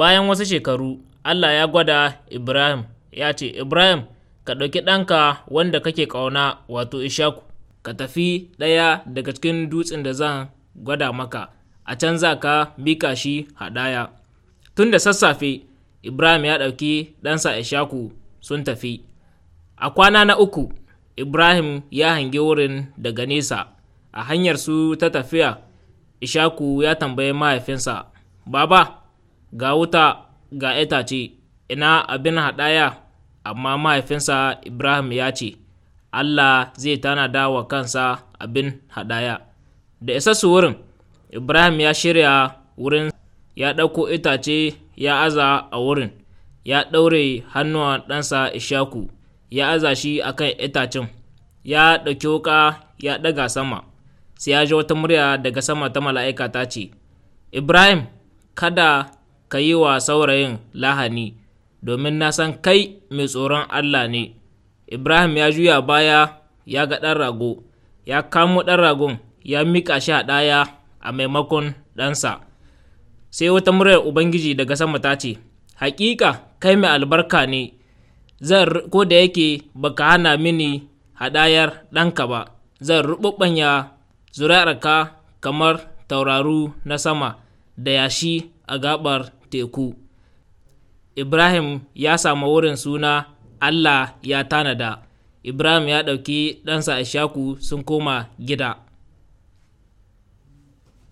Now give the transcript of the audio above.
Bayan wasu shekaru, Allah ya gwada Ibrahim ya ce, Ibrahim, ka ɗauki ɗanka wanda kake ƙauna wato Ishaku, ka tafi ɗaya daga cikin dutsen da zan gwada maka, a can za ka mika shi hadaya. Tun da sassafe, Ibrahim ya ɗauki ɗansa Ishaku sun tafi. A kwana na uku, Ibrahim ya hangi wurin daga nesa, a hanyar su ta tafiya, Ishaku ya tambayi mahaifinsa, Baba, ga wuta ga itace ina abin haɗaya amma mahaifinsa ibrahim ya ce allah zai tanada wa kansa abin haɗaya da isa su wurin ibrahim ya shirya wurin ya ɗauko itace ya aza a wurin ya ɗaure hannuwan ɗansa ishaku ya aza shi a kan itacen ya ɗauki wuka ya ɗaga sama sai ya ji wata murya daga sama ta mala'ika ta ce ibrahim kada ka yi wa saurayin lahani domin na san kai mai tsoron Allah ne Ibrahim ya juya baya ya ga ɗan rago ya kamo ɗan ragon ya miƙa shi a ɗaya a maimakon ɗansa sai wata muryar Ubangiji daga sama ta ce hakika kai mai albarka ne zan ko da yake baka hana mini hadayar ɗanka ba zan ruɓuɓɓanya zuri'arka kamar tauraru na sama da yashi a gabar teku ibrahim ya samu wurin suna allah ya tanada ibrahim ya ɗauki ɗansa ishaku sun koma gida